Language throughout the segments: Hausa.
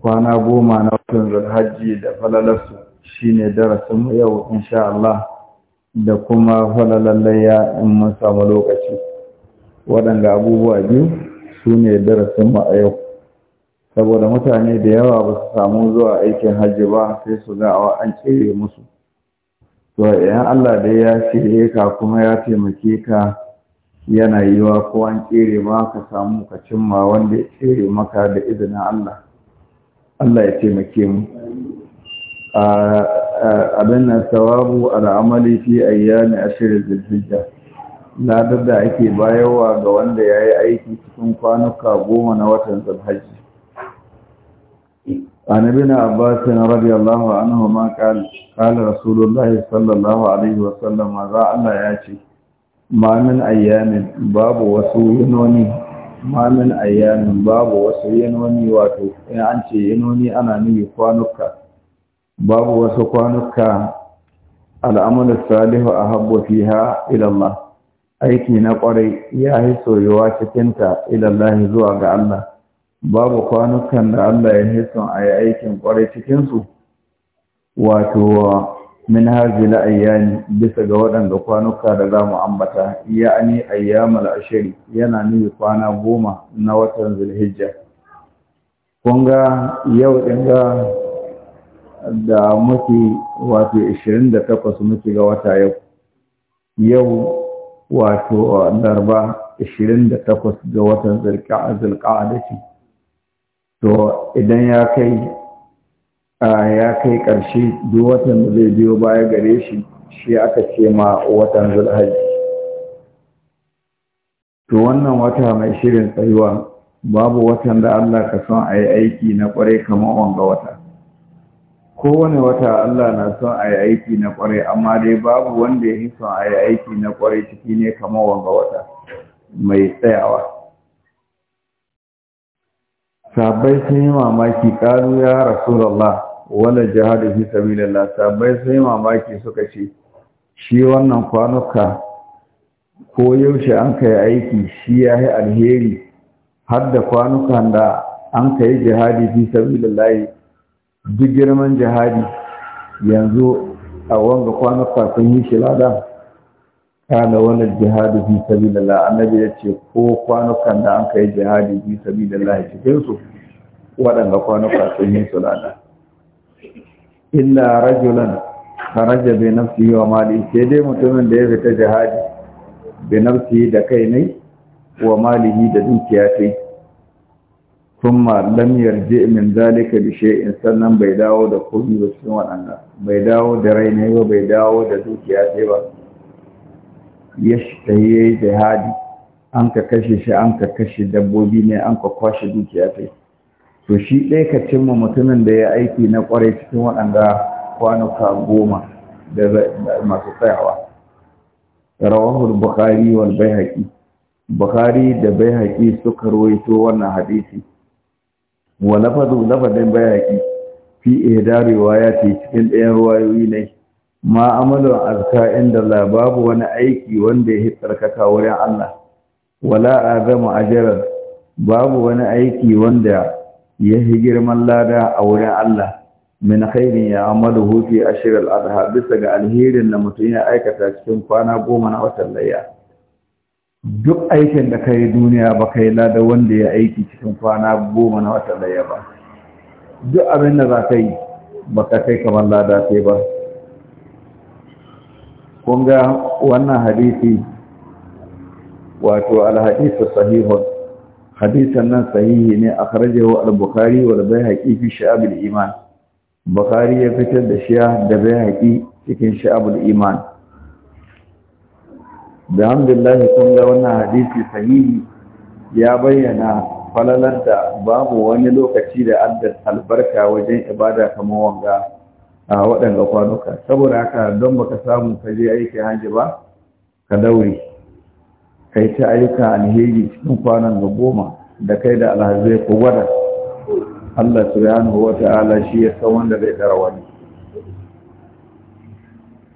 kwana goma na watan zulhajji da falalarsu shine darasin yau insha Allah da kuma falalallayya in mun samu lokaci waɗanda abubuwa biyu su ne darasinmu a yau saboda mutane da yawa ba su samu zuwa aikin hajji ba sai su ga awa an musu to idan Allah da ya shirye ka kuma ya taimake ka yana yiwa ko an kere ma ka samu ka cimma wanda ya kere maka da izinin Allah Allah ya taimake mu A nan sawabu al'amali fi ayyami ashirin zulhijja ladar da ake bayarwa ga wanda ya yi aiki cikin kwanuka goma na watan zulhajji عن ابن abbas رضي radiyallahu anhu ma قال رسول rasulullahi sallallahu alaihi wasallam za Allah ya ce. mamin ayyamin babu wasu yinoni mamin ayyamin babu wasu wato in an ce yinoni ana nuyi kwanuka babu wasu kwanuka al'amalin salihu a habbo fiha ilallah aiki na kwarai ya yi soyuwa cikinta ilallahi zuwa ga Allah babu kwanukan da Allah ya hison a yi aikin kwarai cikinsu wato min hazil ayyani bisa ga waɗanda kwanuka da za mu ambata ya'ani ayyamal ashiri yana nuna kwana goma na watan zulhijja kun ga yau ɗin ga da muke wato 28 muke ga wata yau yau wato darba 28 ga watan da ce to idan ya kai ya kai ƙarshe duk watan da zai biyo baya gare shi shi aka ce ma watan zulhaji to wannan wata mai shirin tsayuwa babu watan da Allah ka son a yi aiki na ƙwarai kamar wanga wata kowane wata Allah na son a yi aiki na ƙwarai amma dai babu wanda ya son a yi aiki na ƙwarai ciki ne kamar wanga wata mai tsayawa sabai sun yi mamaki ƙaru ya rasulallah wanda jihadu fi sabilillah sabai sai mamaki suka ce shi wannan kwanuka ko yaushe an kai aiki shi ya yi alheri har da kwanukan da an kai jihadi fi sabilillah duk girman jihadi yanzu a wanga kwanuka sun yi shi lada kana wani jihadi fi sabilillah annabi ya ce ko kwanukan da an kai jihadi fi sabilillah cikin su waɗanda kwanuka sun yi su lada illa rajulan kharaja bi nafsihi wa mali sai dai mutumin da ya fita jihadi bi nafsihi da kai ne wa malihi da dukiya sai kuma lam yarji min zalika bi shay'in sannan bai dawo da kudi ba cikin wadannan bai dawo da rai ne ba bai dawo da dukiya sai ba ya shi jihadi an ka kashe shi an ka kashe dabbobi ne an ka kwashe dukiya sai to shi ɗaya ka cimma mutumin da ya aiki na ƙwarai cikin waɗanda kwanuka goma da masu tsayawa rawahul bukhari wal haƙi. bukhari da bai haƙi suka rawaito wannan hadisi wa lafadu lafadin haƙi fi ya ce, cikin ɗayan ruwayoyi ne ma amalu azka inda la babu wani aiki wanda ya tsarkaka wurin Allah wala azama jarar. babu wani aiki wanda ya yi girman lada a wurin Allah min khairin ya amalu hufi a shirar adha bisa ga alherin da mutum ya aikata cikin kwana goma na watan layya duk aikin da ka yi duniya ba kai lada wanda ya aiki cikin kwana goma na watan layya ba duk abin da za ka yi ba ka kai kamar lada sai ba kun ga wannan hadisi wato alhadisu sahihun hadisan nan sahihi ne akhrajahu al-bukhari wal bayhaqi fi shi'ab iman bukhari ya fitar da shiya da bayhaqi cikin sha'abul iman da alhamdulillah kun ga wannan hadisi sahihi ya bayyana falalar da babu wani lokaci da adda albarka wajen ibada kamar wanga a waɗanda kwanuka saboda haka don baka samu ka je aiki hajji ba ka daure kai ta ayyuka alheri cikin kwanan ga goma da kai da alhazai ku gwada Allah subhanahu wa ta'ala shi ya san wanda zai dara wani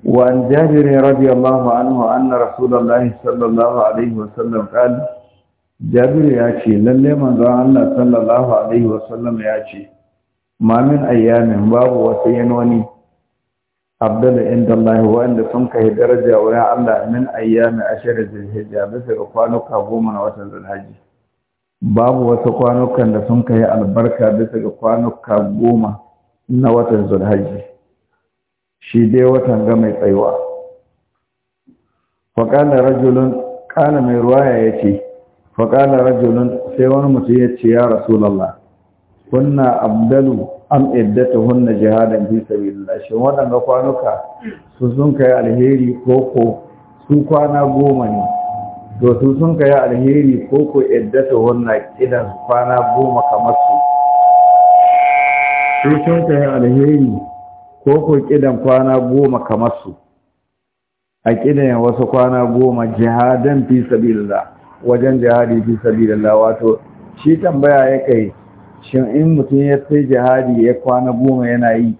wa an jabir radiyallahu anhu anna rasulullahi sallallahu alaihi wa sallam qala jabir ya ce lalle manzon Allah sallallahu alaihi wa sallam ya ce ma min ayyamin babu wata yanwani abdul inda Allah inda sun kai daraja wurin Allah min ayyami ashirin zulhijja bisa ga kwanuka goma na watan zulhaji babu wasu kwanukan da sun kai albarka bisa ga kwanuka goma na watan zulhaji shi dai watan ga mai tsayuwa faƙalar rajulun ƙana mai ruwaya ya ce faƙalar rajulun sai wani mutum ya ce ya rasulallah kunna abdalu am iddata hunna jihadan fi sabilillah shin waɗanda kwanuka su sun kai alheri koko su kwana goma ne to su sun kai alheri koko iddata hunna idan kwana goma kamar su su sun kai alheri koko kidan kwana goma kamar su a kidan wasu kwana goma jihadan fi sabilillah wajen jihadi fi sabilillah wato shi tambaya ya kai shin in mutum ya sai jihadi ya kwana goma yana yi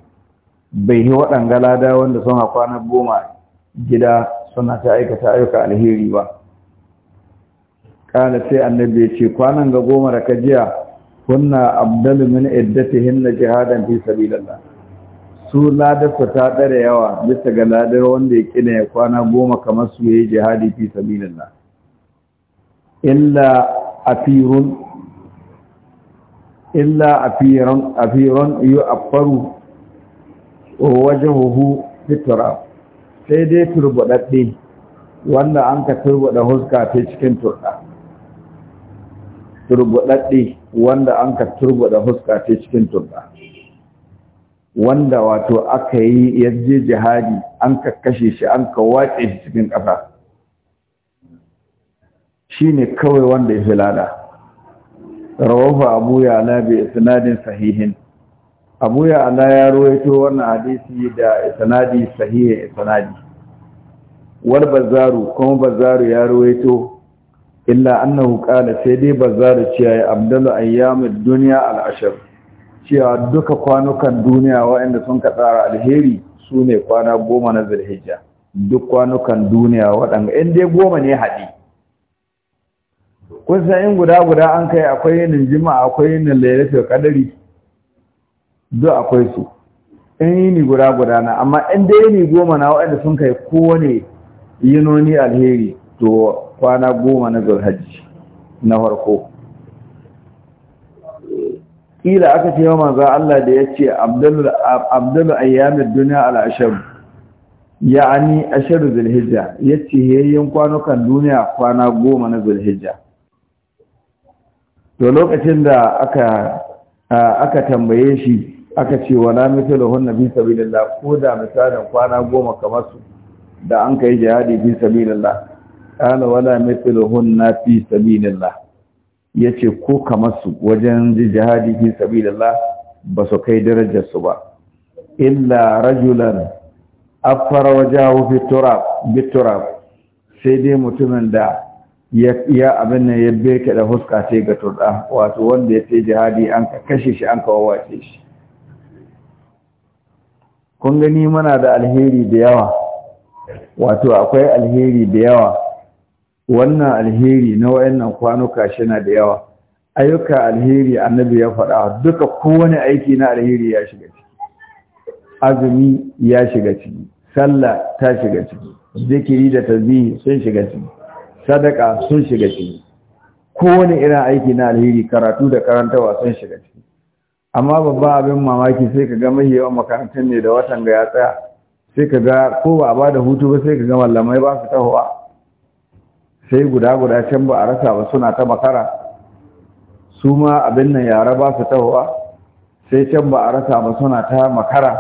bai yi waɗanga lada wanda suna kwana goma gida suna ta aikata ayyuka alheri ba ƙala sai annabi ya ce kwanan ga goma da kajiya kunna abdalumin min hinna jihadan fi sabilillah su ladarsa ta ɗara yawa bisa ga ladar wanda ya kina ya kwana goma kamar su yayi jihadi fi sabilillah illa afirun illa afiran afiran yu'affaru wajhuhu fitrab sai dai turbadadde wanda an ka turbada huska شكين cikin turda turbadadde wanda an ka da huska ta cikin turda wanda wato aka yi yaje jihadi an ka kashe shi an ka wace cikin ƙasa shine kawai wanda ya filada rawahu abu ala bi isnadin sahihin abu Ala ya rawaito wannan hadisi da isnadi sahihi isnadi wal bazaru kuma bazaru ya rawaito illa annahu qala sai dai bazaru cewa ya abdalu ayyamid dunya al ashr cewa duka kwanukan duniya waɗanda sun ka tsara alheri su ne kwana goma na zulhijja duk kwanukan duniya waɗanda in dai goma ne haɗi kun san in guda guda an kai akwai yinin jima'a akwai yinin lailatul kadari duk akwai su in yini guda guda na amma in dai yini goma na waɗanda sun kai kowane yinoni alheri to kwana goma na zulhajji na farko kila aka ce wa za Allah da ya ce abdullu ayyamid dunya al ashab ya'ani ashar ya ce yayin kwanukan duniya kwana goma na zulhijja to lokacin da aka aka tambaye shi aka ce wala mithlu hunna bi sabilillah ko da misalin kwana goma kamar su da an kai jihadi fi sabilillah kana wala mithlu hunna fi sabilillah yace ko kamar su wajen jihadi bi sabilillah ba su kai darajar su ba illa rajulan afara wajahu fi turab bi turab sai dai mutumin da ya abin nan ya birke da huska ce ga turɗa wato wanda ya ce jihadi an ka kashe shi an kawo wace shi kun gani mana da alheri da yawa wato akwai alheri da yawa wannan alheri na wayannan kwanuka shi na da yawa ayyuka alheri annabi ya faɗa duka kowane aiki na alheri ya shiga ciki azumi ya shiga ciki sallah ta shiga ciki zikiri da tasbihi sun shiga ciki sadaka sun shiga ciki kowane irin aiki na alheri karatu da karantawa sun shiga ciki amma babban abin mamaki sai ka ga mahi yawan makarantar ne da watan ga ya tsaya sai ka ga ko ba a ba da hutu ba sai ka ga mallamai ba su tahowa sai guda guda can ba a rasa ba suna ta makara su ma abin nan yara ba su tahowa sai can ba a rasa ba suna ta makara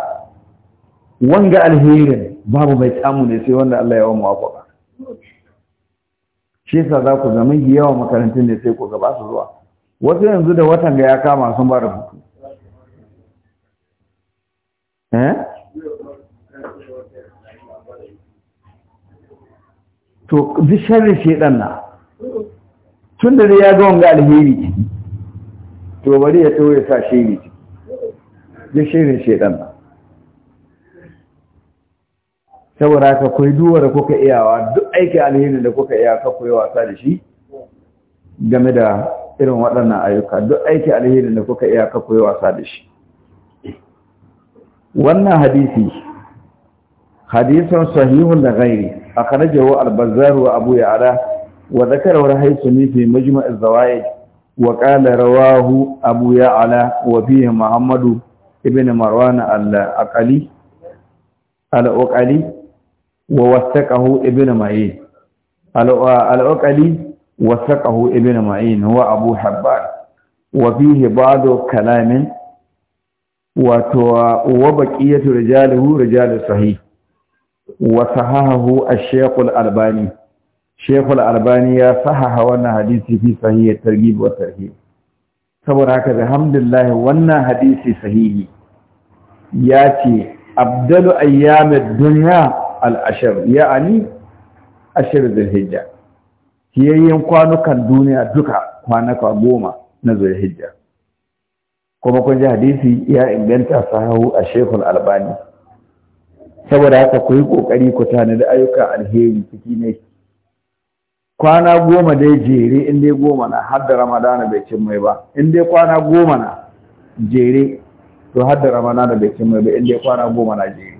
wanga alherin babu mai samu ne sai wanda Allah ya wa muwafaka shi yasa za ku zama yawan makarantun ne sai ku gaba su zuwa wasu yanzu da watan da ya kama sun ba da hutu eh? to duk sharri shedan na tun da ya ga wanga alheri to bari ya to ya sa shiri ciki duk shirin shedan na saboda ka kai duwa da kuka iyawa duk aiki alherin da kuka iya ka koyo wasa da shi game da irin waɗannan ayyuka duk aiki alherin da kuka iya ka koyo wasa da shi wannan hadisi hadisan sahihun da gairi a jawo albazar wa abu ara wa zakarar ne fi majma'ar Zawaye, wa ƙala rawahu abu ala wa fiye muhammadu ibn marwana al-aqali wa wasaqahu ibn ma'in uh, al-uqali wasaqahu ibn ma'in wa abu habbar wa fihi ba'du kalamin wato uh, wa baqiyatu rijaluhu rijal sahih wa sahahahu ash-shaykh al-albani shaykh al-albani ya sahaha wannan hadisi fi sahih targhib wa tarhib saboda haka alhamdulillah wannan hadisi sahihi ya ce abdalu ayyamid dunya al'ashir ya'ani ashir zulhijja kiyayyen kwanukan duniya duka kwanaka goma na zulhijja kuma kun ji hadisi ya inganta sahahu a shekul albani saboda haka ku yi ƙoƙari ku da ayyuka alheri ciki ne kwana goma dai jere in dai goma na har da ramadana bai cin mai ba in dai kwana goma na jere to har da ramadana bai cin mai ba in dai kwana goma na jere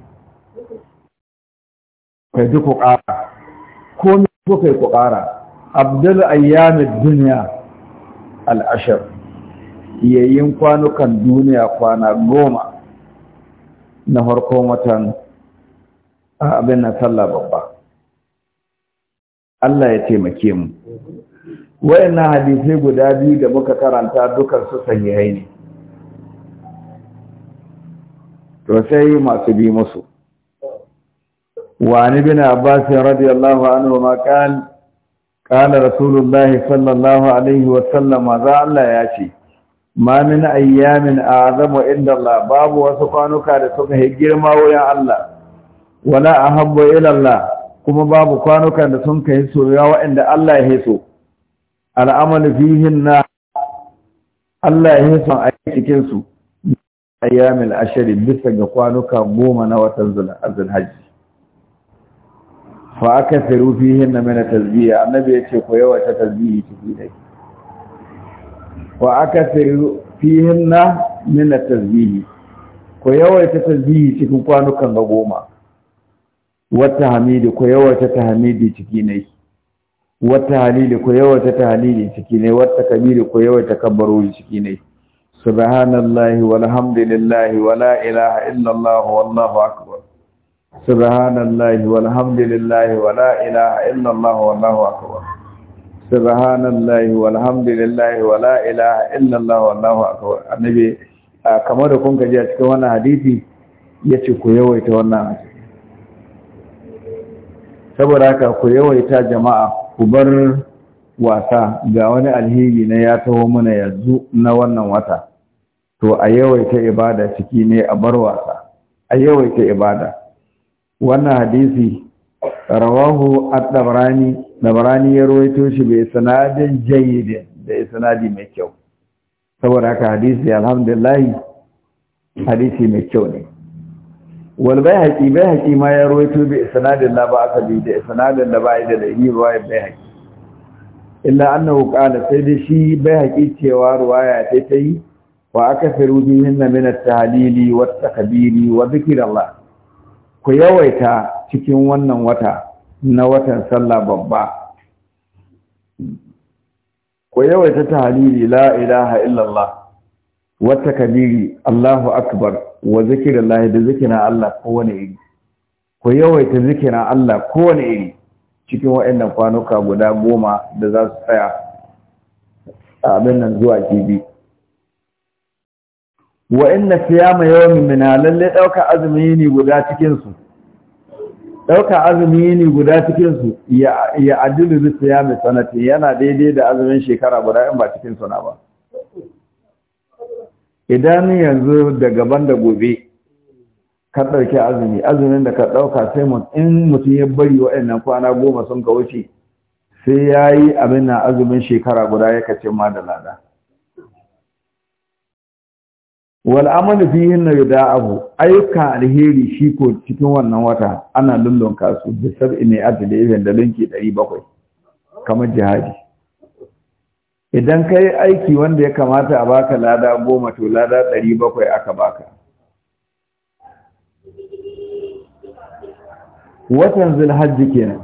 Kai duk ku ƙara ko ne ku kai ku ƙara abdul dunya duniya al'ashar yayin kwanukan duniya kwana goma na farko watan abin na sallah babba Allah ya taimake mu wayannan hadisai guda biyu da muka karanta dukan su sahihai ne to sai masu bi musu وعن ابن عباس رضي الله عنهما قال قال رسول الله صلى الله عليه وسلم ذا الله ياشي ma min ayyamin azamu inda Allah babu wasu kwanuka da suka yi girma wurin Allah wala ahabbu ila Allah kuma babu kwanukan da sun kai soyayya wa'anda Allah ya hiso al'amal fihin na Allah ya hiso cikin su ayyamin ashirin bisa ga kwanuka goma na watan zulhajji fa aka firu fihin na mana tasbiya annabi ya ce ku ta tasbihi ciki dai wa aka firu fihin na mana tasbihi ku yawaita tasbihi cikin kwanukan ga goma wata hamidi ku yawaita tahmidi ciki ne wata halili ku yawaita tahlili ciki ne wata kabiri ku yawaita kabbarori ciki ne subhanallahi walhamdulillahi wala ilaha illallah wallahu akbar subhanallahi kamar da kun gaji a cikin wannan hadisi yace ku yawaita wannan saboda haka ku yawaita jama'a ku bar wasa ga wani alheri na ya taho mana yanzu na wannan wata to a yawaita ibada ciki ne a bar wasa a yawaita ibada wannan hadisi rawahu at-tabrani tabrani ya rawaito shi bai sanadin jayyid da sanadi mai kyau saboda haka hadisi alhamdulillah hadisi mai kyau ne wal bayhaqi bayhaqi ma ya rawaito bi sanadin la ba asali da sanadin da ba yi da lahi ruwaya bayhaqi illa annahu qala sai da shi bayhaqi cewa ruwaya ta tayi wa aka firu bihinna min at-tahlili wat-takbiri wa dhikrillah ku yawaita cikin wannan wata na watan sallah babba ku yawaita tahlili la ilaha illallah wata kabiri Allahu akbar wa zikirin lahi da zikirin Allah kowane iri ku yawaita zikirin Allah kowane iri cikin waɗannan kwanuka guda goma da za su tsaya abin nan zuwa jibi wa inna siyama yawmin min lalle dauka azumi ne guda cikin su dauka azumi ne guda cikin su ya ya adilu bi siyami sanati yana daidai da azumin shekara guda in ba cikin na ba idan yanzu da gaban da gobe ka dauki azumi azumin da ka dauka sai mun in mutum ya bari wa'annan kwana goma sun ka wuce sai yayi abin na azumin shekara guda ya kace ma da lada wal amalu fihin na abu, ayyuka alheri shi ko cikin wannan wata ana lullun kasu da sab'i ne a da ibn da linki 700 kamar jihadi idan kai aiki wanda ya kamata a baka lada goma to lada 700 aka baka watan zulhajji kenan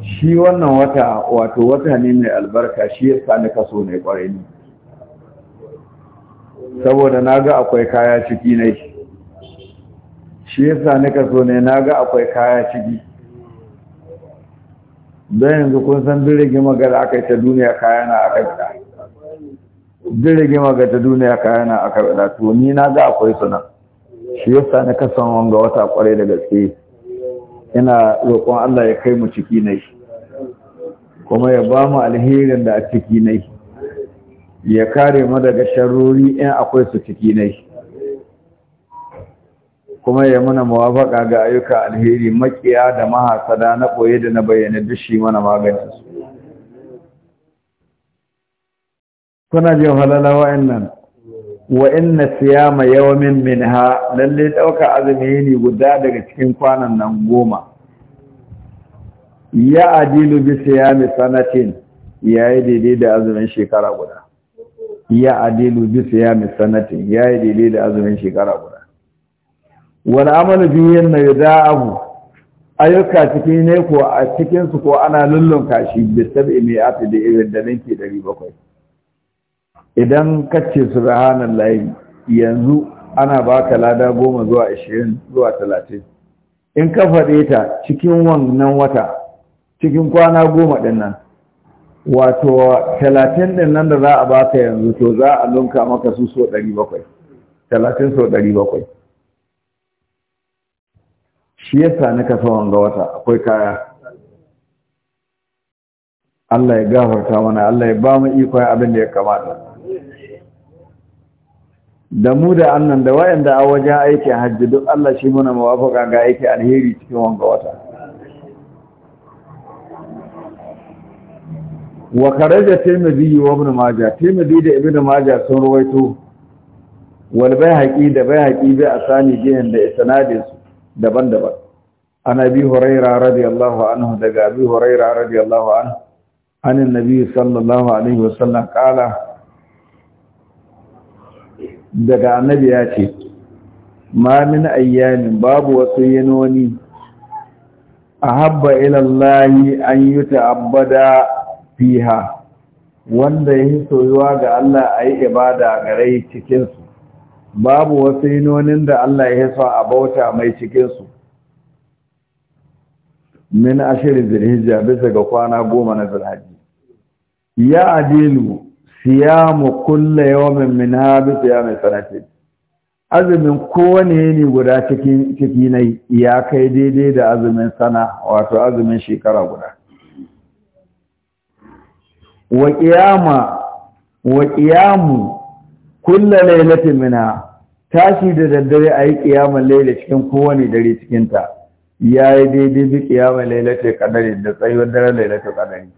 shi wannan wata wato wata ne mai albarka shi yasa sami kaso ne kwarai ne saboda na ga akwai kaya ciki ne shi yasa nika so ne ga akwai kaya ciki don yanzu kun san birgi magana aka yi ta duniya kaya na aka yi birgi magana ta duniya kaya na aka yi to ni na ga akwai suna shi yasa nika son wanga wata kwarai da gaske ina roƙon Allah ya kai mu ciki ne kuma ya ba mu alherin da a ciki ne ya kare mu daga sharuri in akwai su ciki nai kuma ya muna muwafaka ga ayyuka alheri makiya da mahasada na koye da na bayyana dushi mana magani su kuna jin halala wa'annan wa inna siyama yawmin minha lalle dauka azumi ne guda daga cikin kwanan nan goma ya adilu bi siyami sanatin yayi daidai da azumin shekara guda ya adilu bi siyami sanati ya yi daidai da azumin shekara guda wani amalu bi na yada abu ayyuka cikin ne ko a cikinsu ko ana lullun kashi bi sab'i mai da irin da nake ɗari idan kace subhanallahi yanzu ana baka lada goma zuwa 20 zuwa talatin in ka faɗe ta cikin wannan wata cikin kwana goma ɗin nan wato talatin din nan da za a baka yanzu to za a lunka maka su so ɗari bakwai talatin so ɗari bakwai shi yasa na kasa wanga wata akwai kaya Allah ya gafarta mana Allah ya ba mu ikon abin da ya kamata da mu da annan da wayanda a wajen aiki hajji duk Allah shi muna mawafaka ga aiki alheri cikin wanga wata wa karaja yi wa abinu maja tirmidhi da abinu Maja sun rawaito wal haƙi da bai haƙi bai a sani jiyan da isnadin su daban-daban an abi huraira radiyallahu anhu daga abi huraira radiyallahu anhu an annabi sallallahu alaihi wasallam kala daga annabi ya ce ma min ayyamin babu wasu yanoni a ila ilallahi an yi yuta'abbada fiha wanda ya soyuwa ga Allah a yi ibada gare cikinsu babu wasu yinonin da Allah ya so a bauta mai cikinsu min ashirin zilhijja bisa ga kwana goma na zilhaji ya adilu siyamu kulle yawmin min ha bisa ya mai azumin kowane ne guda ciki na ya kai daidai da azumin sana wato azumin shekara guda wa qiyama wa qiyamu kullu lailatin minha tashi da daddare ayi qiyamul layli cikin kowane dare cikin ta yayi daidai bi qiyamul lailatul qadari da tsayuwar dare lailatul qadari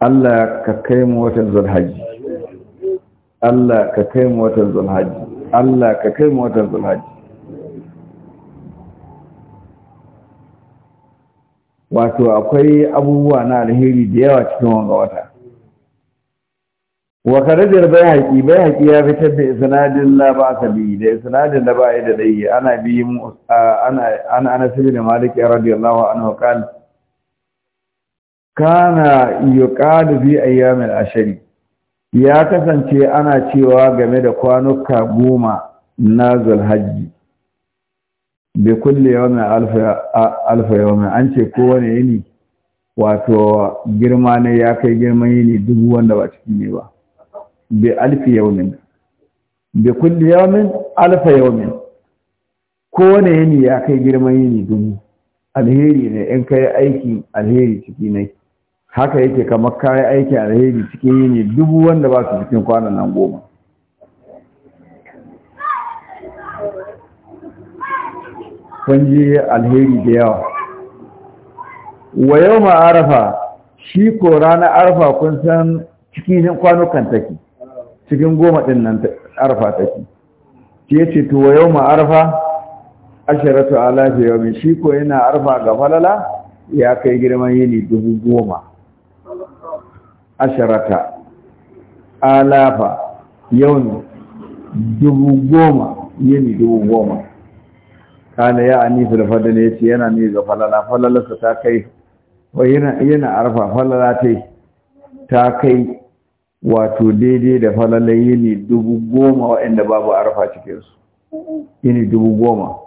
Allah ka kai mu watan zulhaji Allah ka kai mu watan zulhaji Allah ka kai mu watan zulhaji wato akwai abubuwa na alheri da yawa cikin wanga wata wa karajar bai haƙi bai haƙi ya fitar da isnadin la ba ka bi da isnadin da ba ya da dai ana bi mu ana ana Anas da Malik radiyallahu anhu kan kana yuqadu bi ayyamil ashri ya kasance ana cewa game da kwanuka goma na zulhajji bi kulli yawmin alfa yawmin an ce kowane yini wato girma ne ya kai girman yini dubu wanda ba cikin ne ba bi alfi yawmin bi kulli yawmin alfa yawmin kowane yini ya kai girman yini dubu alheri ne in kai aiki alheri ciki ne haka yake kamar kai aikin alheri cikin yini dubu wanda ba su cikin kwanan nan goma kun ji alheri da yawa wa yau ma arafa shi ko ranar arafa kun san cikin kwanukan take cikin goma ɗin nan arafa take ce ce to wa yau ma arafa ashiratu alafi yau mai shi ko yana arafa ga falala ya kai girman yini dubu goma ashirata alafa yau dubu goma yini dubu goma kana ya anifu da fadala ce yana ne ga falala falalarsa ta kai wa yana arfa falala ta ta kai wato daidai da falala yini dubu goma waɗanda babu arfa cikinsu yini dubu goma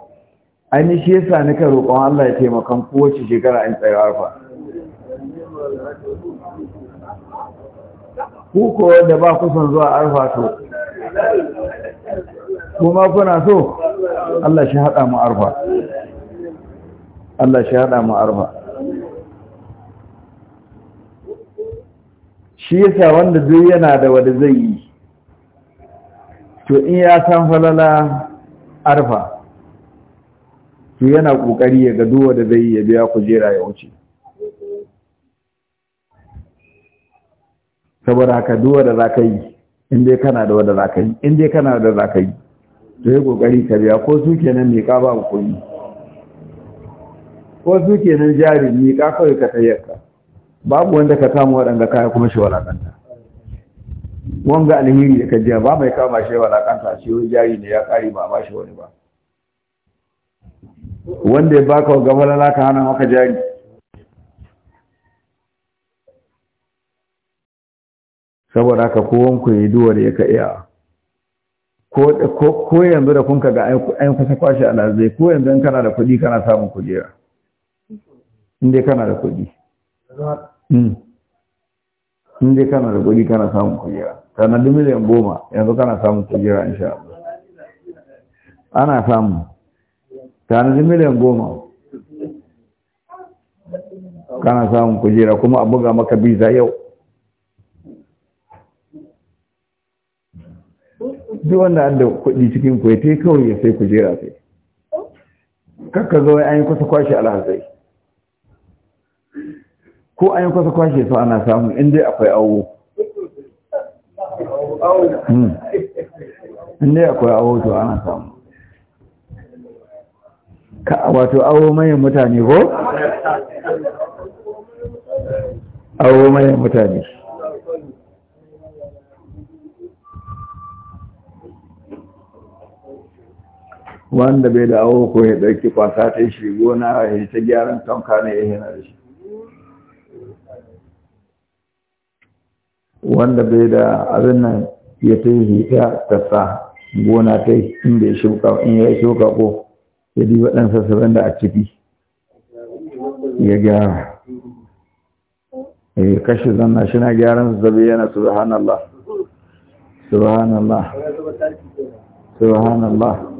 an shi yasa nika roƙon Allah ya taimakon kowace shekara an tsaye arfa ko da ba kusan zuwa arfa to kuma kuna so Allah shi haɗa mu arfa Allah shi haɗa mu arfa shi yasa wanda duk yana da wani zai yi to in ya san falala arfa to yana kokari ya ga duk wanda zai yi ya biya kujera ya wuce saboda haka duk wanda zaka yi in kana da wanda zaka yi in kana da zaka yi to yi kokari ka biya ko su kenan miƙa ba kuɗi ko su kenan jari miƙa kawai ka tayyarka babu wanda ka kama waɗanda kaya kuma shi walakanta wanga alhiri da kajiya ba mai kama shi walakanta shi wani jari ne ya ƙari ba ba shi wani ba wanda ya baka wa gabalala ka hana maka jari saboda ka kowanku ya yi duwar ya ka iya ko yanzu da kunka ga ayin kusa kwashe lazai ko yanzu kana da kudi kana samun kujera inda kana da kudi hmm. inda kana da kudi kana samun kujera sanadu miliyan goma yanzu kana samun kujera insha Allah ana samu tanadi miliyan goma kana samun kujera kuma abu ga maka biza yau duk wanda an da kuɗi cikin kuwa ya yi kawai ya sai kujera sai kakka zo an yi kusa kwashe alhazai ko an yi kusa kwashe su ana samu inda akwai awo hmm. inda akwai awo to ana samu ka wato awo mayan mutane ko awo mayan mutane wanda bai da awo ko ya ɗauki kwasa ta shi gona ya ta gyaran tonka ne ya hina da shi wanda bai da abin nan ya ta yi hita ta sa gona ta inda ya shuka in ya shuka ko ya diba ɗan sassaben da a ciki ya gyara ya eh, kashe zanna shi na gyaran zazzabi yana subhanallah subhanallah subhanallah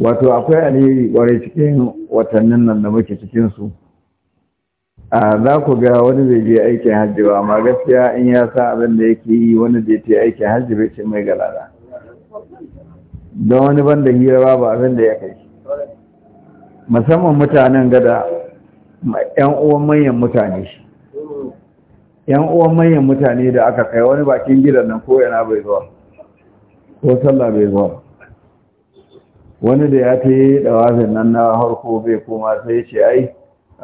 wato akwai aliri kwarai cikin watannin nan da muke cikinsu a za ku ga wani zai je aikin hajji ba amma gaskiya in ya sa abin da yake yi wani zai ya aikin hajji bai ce mai galada don wani ban da hira babu abin da ya kai musamman mutanen gada yan uwan manyan mutane shi yan uwan manyan mutane da aka kai wani bakin gidan nan ko yana bai zuwa ko sallah bai zuwa wani da ya ta yi nan na harko bai koma sai ce ai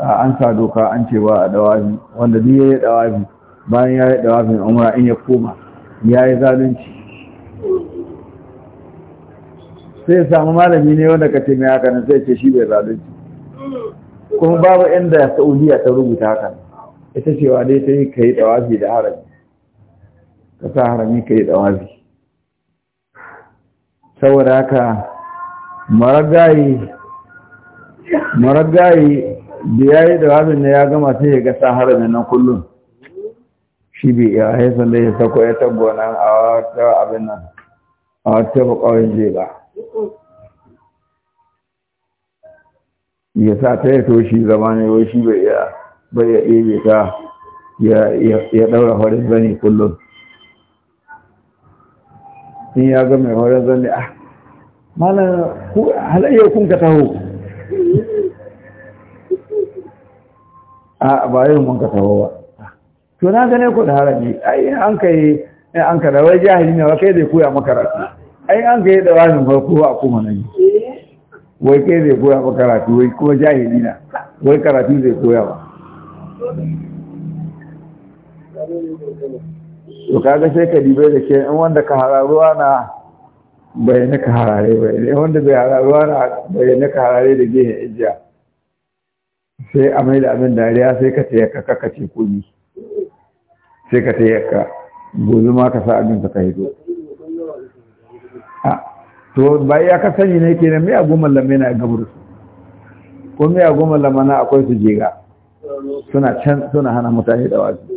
an sa doka an ce ba a wanda duk ya yi dawazi bayan ya yi ɗawafin umra in ya koma ya yi zalunci sai samu malami ne wanda ka ce mai haka nan sai ce shi bai zalunci kuma babu inda saudiya ta rubuta haka ita cewa dai ta yi ka yi da harami ka sa harami ka yi ɗawafi. saboda haka maragayi maragayi da ya yi da rabin da ya gama sai ya ga sahara da nan kullum shi bai iya haifar da ya sako ya taggo nan a wata abin nan a wata bukawin je ba ya sa ta ya toshi zama ne wai shi bai iya bai ya ɗebe ta ya ɗaura farin zane kullum in ya ga mai farin zane ah mana halayyar kun ka taho a bayan mun ka taho ba to na gane ku da harami ai an yi an ka rawar jahili ne wa kai zai koya maka rafi ai an kai da wani farko a kuma nan wai kai zai koya maka wai kuma jahili na wai karatu zai koya ba to kaga sai ka dibe da ke in wanda ka hararuwa na bai nika harare bai wanda bai hararuwa na bai nika harare da gehe ijiya sai a mai da abin dariya sai ka ta yakka kaka ce komi sai ka ta yaka gobe ma ka sa abin ka hito to ba ya ka sani ne kenan mai agoma lamme na gabar su ko mai agoma na akwai su jega suna can suna hana mutane da wasu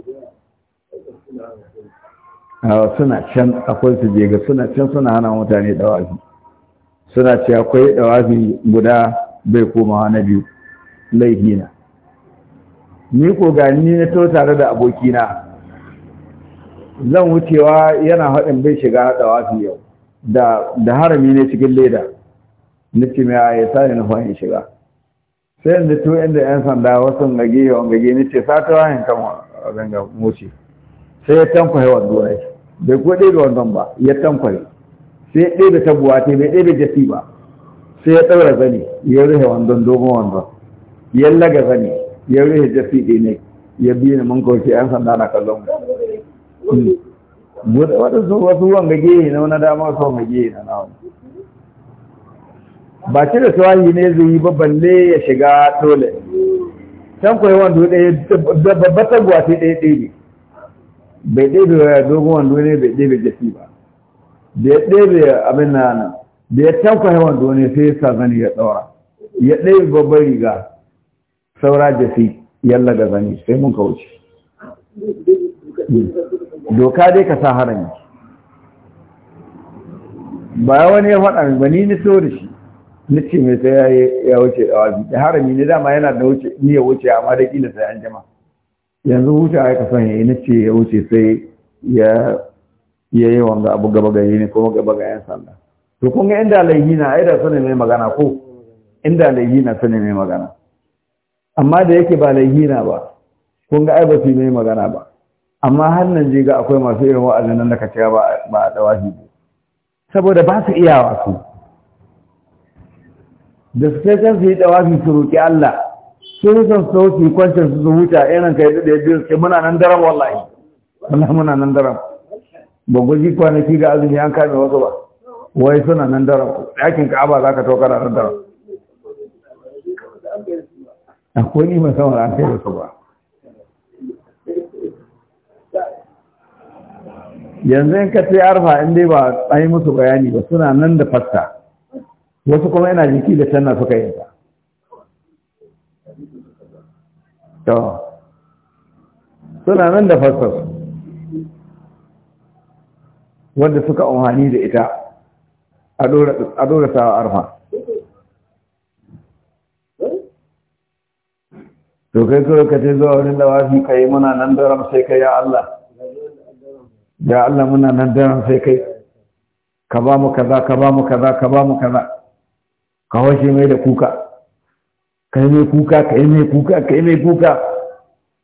suna can akwai su je ga suna can suna hana mutane dawafi suna ce akwai dawafi guda bai komawa na biyu laifi na ni ko gani na to tare da abokina zan wucewa yana haɗin bai shiga dawafi yau da harami ne cikin leda na ce mai ya sani na fahimci shiga sai yanzu to inda yan sanda wasu gage yawan gage ni ce sata wahin kama ranga wuce sai ya tankwa yawan dorai bai ko ɗebe wanzan ba ya tankware sai ya ɗebe tabuwa ta bai ɗebe jasi ba sai ya ɗaura zani ya rufe wanzan dogon wanzan ya laga zani ya rufe jasi ɗi ne ya biyu ni mun kauce an sanda na kallon mu hmm. waɗansu wasu ga gehe na wani dama wasu ga gehe na nawa ba ci da tawahi ne zai yi ba balle ya shiga dole can kwaye wanda ya babbar taguwa ta ɗaya ɗaya ne bai ɗebe dogon wando ne bai ɗebe jasi ba da ya ɗebe abin na nan da ya tanka yawan doni sai ya sa zani ya ɗaura ya ɗebe babbar riga saura jasi yalla da zani sai mun wuce. doka dai ka sa harami ba wani ya faɗa min ba ni ni so da shi ni ce mai sai ya wuce da harami ne dama yana da wuce ni ya wuce amma da kila sai an jama yanzu wuce aka son ya yi na ce ya wuce sai ya yi wanga abu gaba gari ne kuma gaba ga yan sanda to kun ga inda laihi na aida su ne mai magana ko inda laihi na su ne mai magana amma da yake ba laihi na ba kun ga ai ba su mai magana ba amma hannun je ga akwai masu irin wa'azin nan da ka ce ba a dawahi ba. saboda ba su iyawa su da su sai su yi dawahi su roƙi Allah sun son sauki kwancin su su huta yanan kai da biyu sai muna nan daren wallahi wallahi muna nan daren ba gwaji kwanaki ga azumi an kame wasu ba wai suna nan daren ɗakin Aba za ka tokara nan daren akwai ni mai sama da an kai da su ba yanzu in ka sai arfa in dai ba a yi musu bayani ba suna nan da fasta wasu kuma yana jiki da canna suka yi ta to suna nan da fassar wanda suka amfani da ita a dora sawa arfa to kai kawai ka ce zuwa wurin dawafi ka yi muna nan daram sai kai ya Allah ya Allah muna nan daram sai kai ka ba mu kaza ka ba mu kaza ka ba mu kaza ka hoshe mai da kuka kai mai kuka kai mai kuka kai mai kuka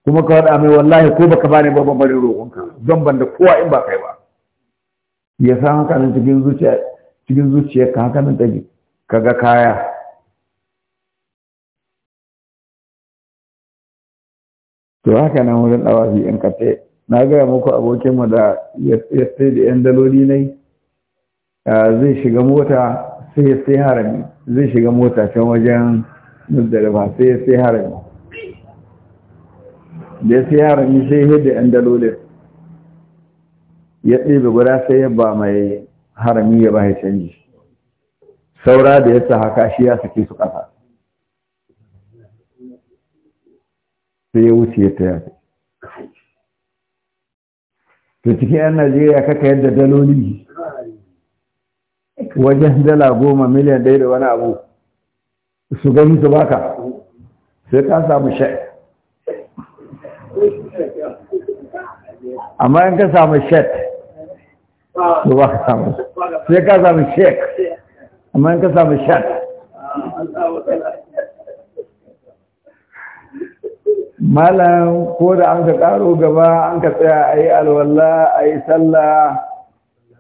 kuma ka wada mai wallahi ko baka bani ba ban bari roƙonka don ban da kowa in ba kai ba ya sa nan cikin zuciya cikin zuciya ka haka nan ta kaga kaya to haka nan wurin dawafi in ka te na gaya muku abokinmu da ya sai da yan daloli ne ah, zai shiga mota sai ya sai harami zai shiga mota can wajen muzdalifa sai ya sai harami da ya sai harami sai yadda hidda yan dalolin ya ɗebe guda sai ya ba mai harami ya ba ya canji saura da ya sa haka shi ya sake su ƙasa sai ya wuce ya taya to cikin 'yan najeriya kaka yadda daloli wajen dala goma miliyan ɗaya da wani abu su gani su baka sai ka samu sha'i amma in ka samu shek, su ba ka samu sai ka samu shek amma in ka samu shek. malam ko da an ka karo gaba an ka tsaya a yi alwallah a yi sallah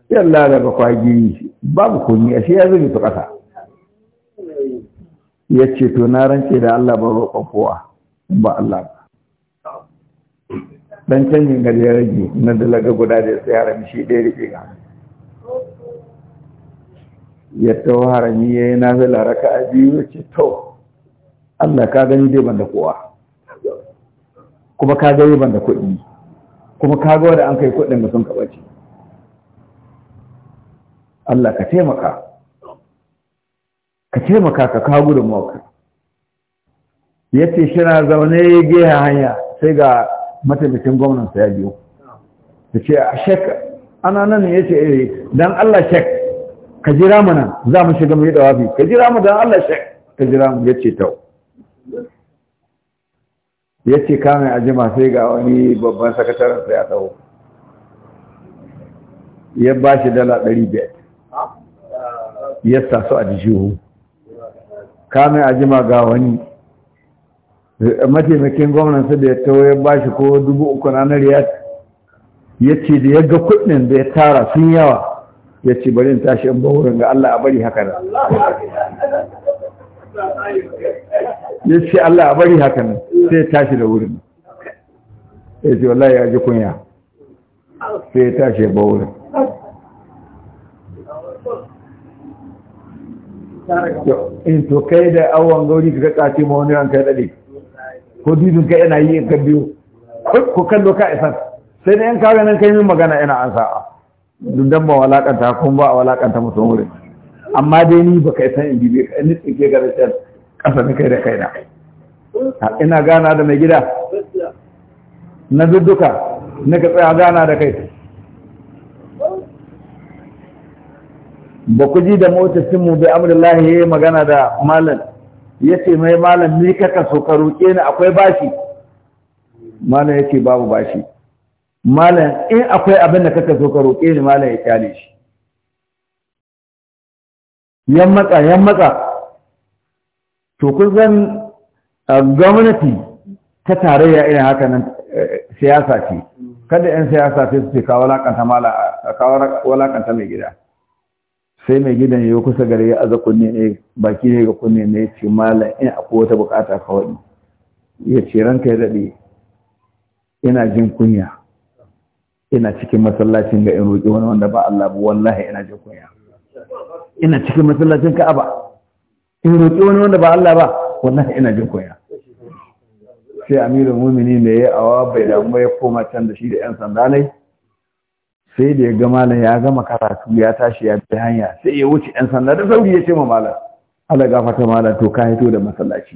yalla daga kwagiri babu kunyi a shi ya zuri su ƙasa ya ce to na rance da Allah ba roƙon kowa ba Allah ba dan canjin gari ya rage na dalaga guda da tsaya rami shi ɗaya rike ga ya tawo harami ya yi na zala raka a biyu ya ce to Allah ka gani dai ban da kowa kuma ka gani ban da kuɗi kuma ka ga wanda an kai kuɗin da sun kaɓace Allah ka taimaka ka taimaka ka kawo da mawaka ya ce shi na zaune ya gehe hanya sai ga mataimakin sa ya biyo ta ce a shek ana nan ya ce eh don allah shek ka jira mana za mu shiga mu dawafi ka jira mu don allah shek ka jira mu ya ce tau ya ce kamun ajima sai ga wani babban sakataren sa ya tsawo ya ba shi dala 500 ya sa su a jihu kame a jima ga wani mataimakin gwamnan su da ya tawo ya bashi ko dubu uku na na riyad ya ce da ya ga kudin da ya tara sun yawa ya ce bari in tashi in bawurin ga Allah a bari haka nan ya ce Allah a bari haka nan sai ya tashi da wurin ya ce wallahi ya ji kunya sai ya tashi ya bawurin in eh, to kai da awon gauri ka kace ma wani ranka dade ko didin ka yana yi ka biyo ko kallo ka isa sai da yan kawo nan kai min magana yana an sa'a dun dan ba walakanta kun ba a walaƙanta mutum wurin amma dai ni baka isa in bibe ka ni tsike ga rashin kasa na kai da kai na ina gana da mai gida na dudduka na ka tsaya gana da kai ba ku ji da motocin mu bai amrullahi ya yi magana da malam ya ce mai malam ni kaka so ka roƙe ni akwai bashi malam ya ce babu bashi malam in akwai abin da kaka so ka roƙe ni malam ya kyale shi yan matsa yan matsa to kun san gwamnati ta tarayya irin haka nan eh, siyasa ce kada 'yan siyasa sai su ce kawo lakanta mai gida sai mai gidan ya kusa gare ya aza kunne ne baki ne ga kunne ne ya ce malam in akwai wata bukata kawai ya ce ranka ya daɗe ina jin kunya ina cikin masallacin ga in roƙi wani wanda ba Allah ba wallahi ina jin kunya ina cikin masallacin Ka'aba in roƙi wani wanda ba Allah ba wallahi ina jin kunya sai amirul mu'minin ne ya awa bai damu ya koma can da shi da yan sandalai sai da ya ga malam ya gama karatu ya tashi ya bi hanya sai ya wuce yan sanda da sauri ya ce ma malam Allah ta malam to ka hito da masallaci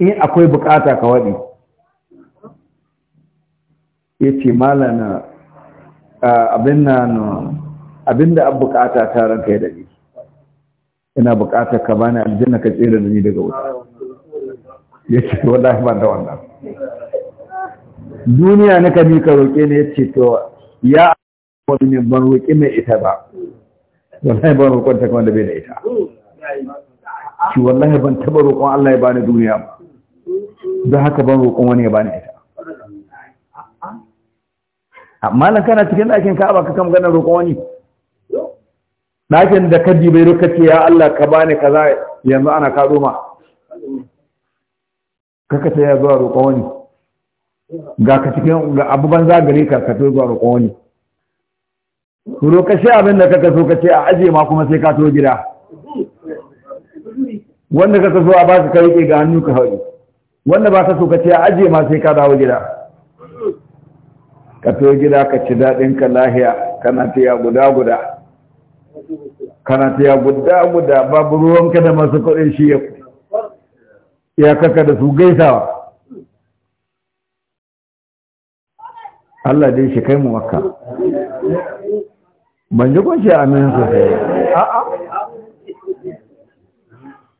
in akwai bukata ka waɗi ya ce malam abin nan abin da an bukata ta ranka ya ni, ina bukatar ka bani aljanna ka tsere da ni daga wuta ya ce wallahi ban da wannan duniya na ka mika roƙe ne ya ce to ya wani ban roƙi mai ita ba wallahi ban roƙon ta da bai da ita shi wallahi ban taɓa roƙon Allah ya bani duniya ba don haka ban roƙon wani ya bani ita amma nan kana cikin ɗakin ka'aba ka kam ganin roƙon wani ɗakin da ka bai roƙa ce ya Allah ka bani kaza yanzu ana ka ma kaka ta ya zuwa roƙon wani ga ka cikin ga abu banza gare ka ka to zuwa roƙon wani Kuro ka shi abin da kaka so ka ce a aje ma kuma sai ka to gida. Wanda kaka so a ba ka kai ga hannu ka hauri. Wanda ba ka so ka ce a aje ma sai ka dawo gida. Ka to gida ka ci daɗin ka lahiya kana tiya guda guda. Kana tiya guda guda babu ka da masu kuɗin shi ya kaka da su gaisawa. Allah dai shi kai mu makka. ban ji a amin sosai a'a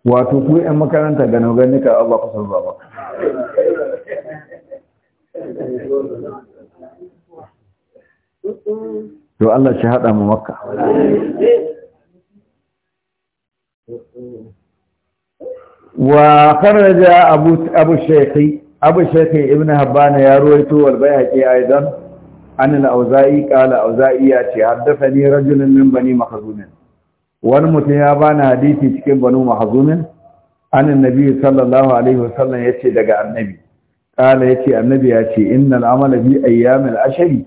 wato ku yan makaranta gano gani ka Allah ku san baba to Allah shi hada mu makka wa kharaja abu abu shaykh abu shaykh ibn habbana ya ruwaito wal bayhaqi aidan an al-auza'i qala auza'i ya ce haddathani rajulun min bani mahzumin wani mutum ya bani hadisi cikin banu mahzumin an annabi sallallahu alaihi wasallam yace daga annabi qala yace annabi ya ce innal amala bi ayyamil ashri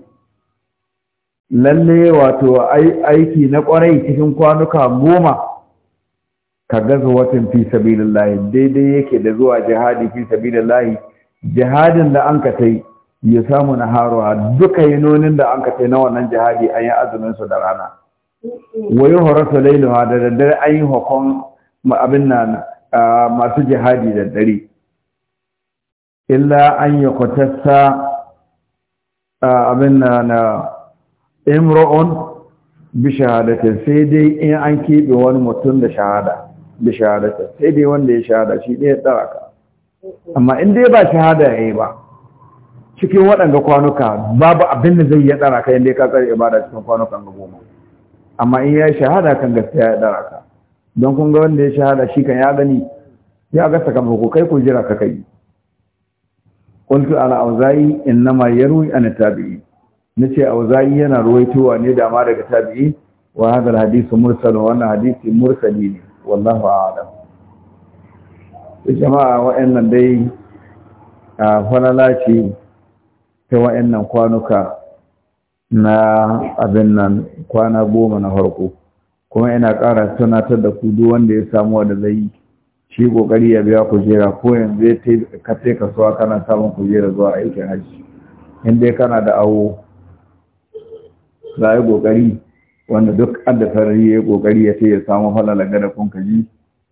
lalle wato aiki na kwarai cikin kwanuka goma ka gaza watan fi sabilillahi daidai yake da zuwa jihadi fi sabilillahi jihadin da anka ka tai ya samu na haruwa duka nonin da an kafe na wannan jihadi an yi azumin su da rana Wai wayi horasa lailuha da daddare an yi hukun abin na masu jihadi da dare illa an yi kwatasta abin na na imro'un bi shahadatin sai dai in an keɓe wani mutum da shahada da shahadatin sai dai wanda ya shahada shi ɗaya tsaraka amma in dai ba shahada ya yi ba cikin waɗanda kwanuka babu abin da zai yi tsara ka yadda ya tsare ibada cikin kwanukan ga goma amma in ya shahada kan gaskiya ya tsara ka don kun ga wanda ya shahada shi kan ya gani ya ga sakamako kai ko jira ka kai kuntu ala auza'i innama yarwi an tabi'i nace auza'i yana ruwaitowa ne da ma daga tabi'i wa hadha hadisi mursal wannan hadisi mursali ne wallahu a'lam jama'a wa'annan dai a falala ce ta wa'annan kwanuka na abin nan kwana goma na harko. kuma ina ƙara sunatar da ku wanda ya samu da zai yi shi kokari ya biya kujera ko yanzu ya ka kasuwa kana samun kujera zuwa aikin hajji in dai kana da awo za a yi kokari wanda duk adda sarari ya kokari ya ya samu halala gada kun kaji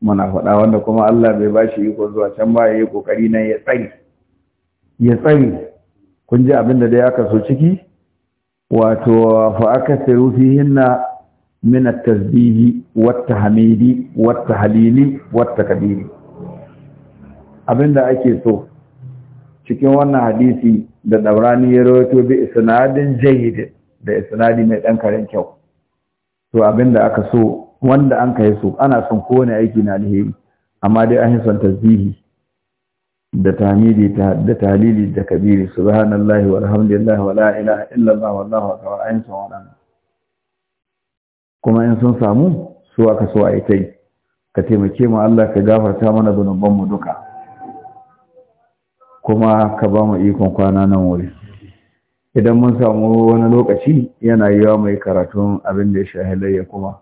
muna faɗa wanda kuma Allah bai ba shi iko zuwa can ba ya yi kokari nan ya tsari ya tsari kun ji abin da ya kaso ciki wato fa akasiru fihinna min at-tasbih wa at-tahmid wa at-tahlil wa at abinda ake so cikin wannan hadisi da ɗaurani ya rawaito bi isnadin jayyid da isnadi mai dan karen kyau to abinda aka so wanda an kai so ana son kowane aiki na alheri amma dai an yi son tasbihi da tamidi da talili da kabiri subhanallahi walhamdulillahi wala ilaha illallah wallahu akbar ayin sun waɗannan kuma in sun samu su aka so a yi ka taimake mu Allah ka gafarta mana zunuban mu duka kuma ka ba mu ikon kwana nan wuri idan mun samu wani lokaci yana yiwa mai karatun abin da ya shahi layya kuma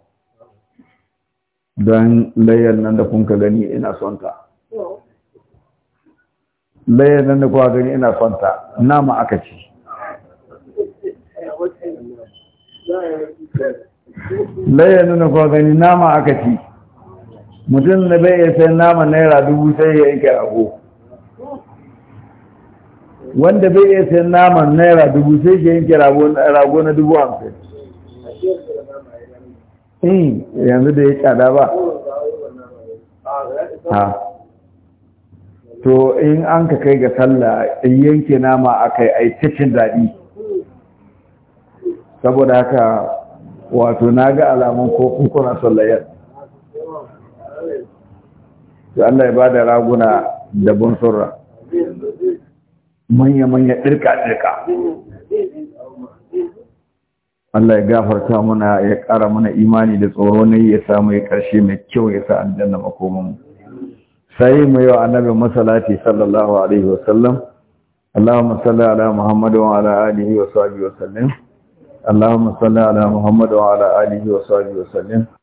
don layyar nan da kun ka gani ina son ta layar nan da kuwa gani ina kwanta nama aka ci layar da kuwa gani nama aka mutum da bai iya sai nama naira dubu sai ya yanke rago wanda bai iya sai nama naira dubu sai ya yanke rago na dubu hamsin eh, yanzu da ya tsada ba to in an ka kai ga sallah in yanke nama a akai a cikin daɗi saboda haka wato na ga alamun ko kuna sallayar to Allah ya ba da raguna da surra. manya-manya ɗirka-ɗirka Allah ya gafarta muna ya ƙara mana imani da tsoro ne ya samu ya ƙarshe mai kyau ya sa an aljanna makomanmu sai mu yi wa annabi masalati sallallahu alaihi wa sallam, Allahumma salli ala Muhammad wa ala alihi wa sahbihi wa sallam Allahumma salli ala Muhammad wa ala alihi wa sahbihi wa sallam